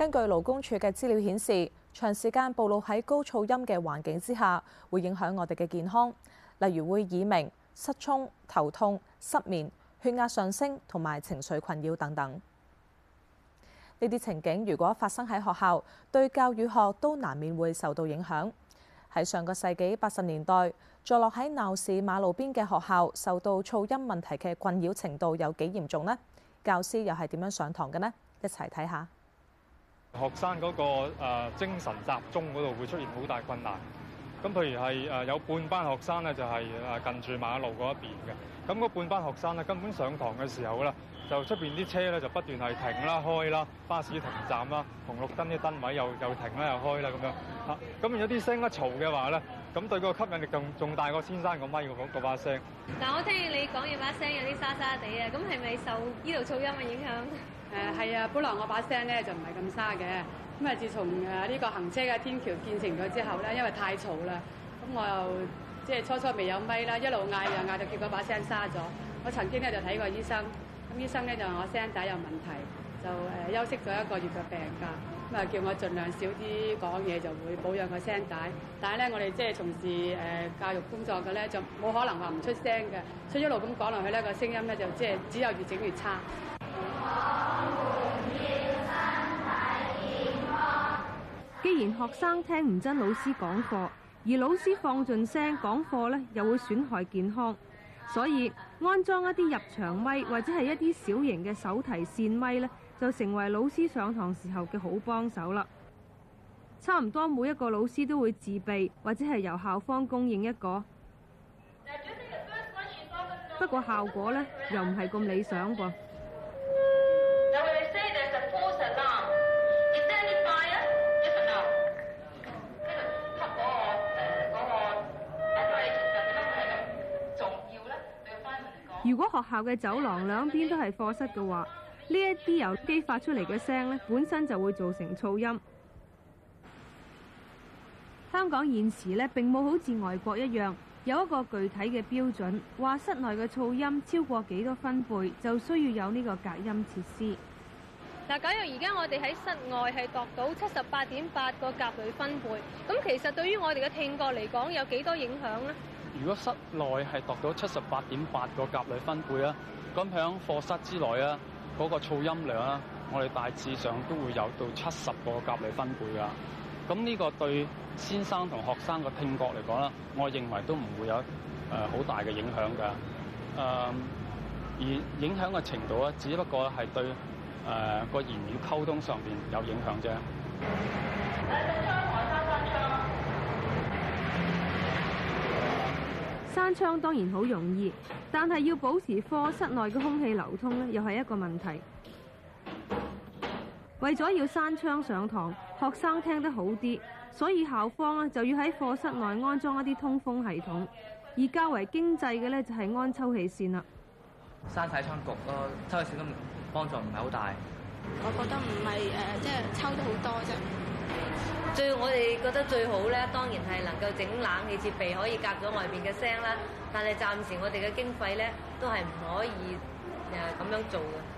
根據勞工處嘅資料顯示，長時間暴露喺高噪音嘅環境之下，會影響我哋嘅健康，例如會耳鳴、失聰、頭痛、失眠、血壓上升同埋情緒困擾等等。呢啲情景如果發生喺學校，對教與學都難免會受到影響。喺上個世紀八十年代，坐落喺鬧市馬路邊嘅學校，受到噪音問題嘅困擾程度有幾嚴重呢？教師又係點樣上堂嘅呢？一齊睇下。學生嗰個誒精神集中嗰度會出現好大困難，咁譬如係誒有半班學生咧就係誒近住馬路嗰一邊嘅，咁嗰半班學生咧根本上堂嘅時候咧就出邊啲車咧就不斷係停啦開啦，巴士停站啦，紅綠燈啲燈位又又停啦又開啦咁樣，吓，咁有啲聲一嘈嘅話咧，咁對個吸引力仲大過先生講乜嘢嗰把聲，但我聽你講嘢把聲有啲沙沙地啊，咁係咪受呢度噪音嘅影響？誒係、呃、啊！本來我把聲咧就唔係咁沙嘅，咁啊自從誒呢個行車嘅天橋建成咗之後咧，因為太嘈啦，咁我又即係初初未有咪啦，一路嗌又嗌就結果把聲沙咗。我曾經咧就睇過醫生，咁醫生咧就話我聲帶有問題，就誒、呃、休息咗一個月嘅病假，咁啊叫我儘量少啲講嘢就會保養個聲帶。但係咧我哋即係從事、呃、教育工作嘅咧，就冇可能話唔出聲嘅，所以一路咁講落去、那個、聲呢個聲音咧就即係只有越整越差。既然學生聽唔真老師講課，而老師放盡聲講課呢，又會損害健康，所以安裝一啲入場咪，或者係一啲小型嘅手提線咪呢，就成為老師上堂時候嘅好幫手啦。差唔多每一個老師都會自備或者係由校方供應一個，不過效果呢，又唔係咁理想噃。如果學校嘅走廊兩邊都係課室嘅話，呢一啲由機發出嚟嘅聲咧，本身就會造成噪音。香港現時咧並冇好似外國一樣有一個具體嘅標準，話室內嘅噪音超過幾多分貝就需要有呢個隔音設施。嗱，假如而家我哋喺室外係度到七十八點八個甲類分貝，咁其實對於我哋嘅聽覺嚟講有幾多影響呢？如果室內係讀到七十八點八個甲類分貝啦，咁響課室之內啊，嗰、那個噪音量啊，我哋大致上都會有到七十個甲類分貝噶。咁呢個對先生同學生個聽覺嚟講啦，我認為都唔會有誒好大嘅影響㗎。誒、嗯、而影響嘅程度啊，只不過係對誒、呃那個言語溝通上邊有影響啫。閂窗當然好容易，但係要保持課室內嘅空氣流通呢，又係一個問題。為咗要閂窗上堂，學生聽得好啲，所以校方呢就要喺課室內安裝一啲通風系統，而較為經濟嘅呢，就係安抽氣扇啦。閂晒窗焗咯，抽氣扇都幫助唔係好大。我覺得唔係誒，即係抽得好多啫。最我哋覺得最好咧，當然係能夠整冷氣設備可以隔咗外邊嘅聲啦。但係暫時我哋嘅經費咧，都係唔可以誒咁樣做嘅。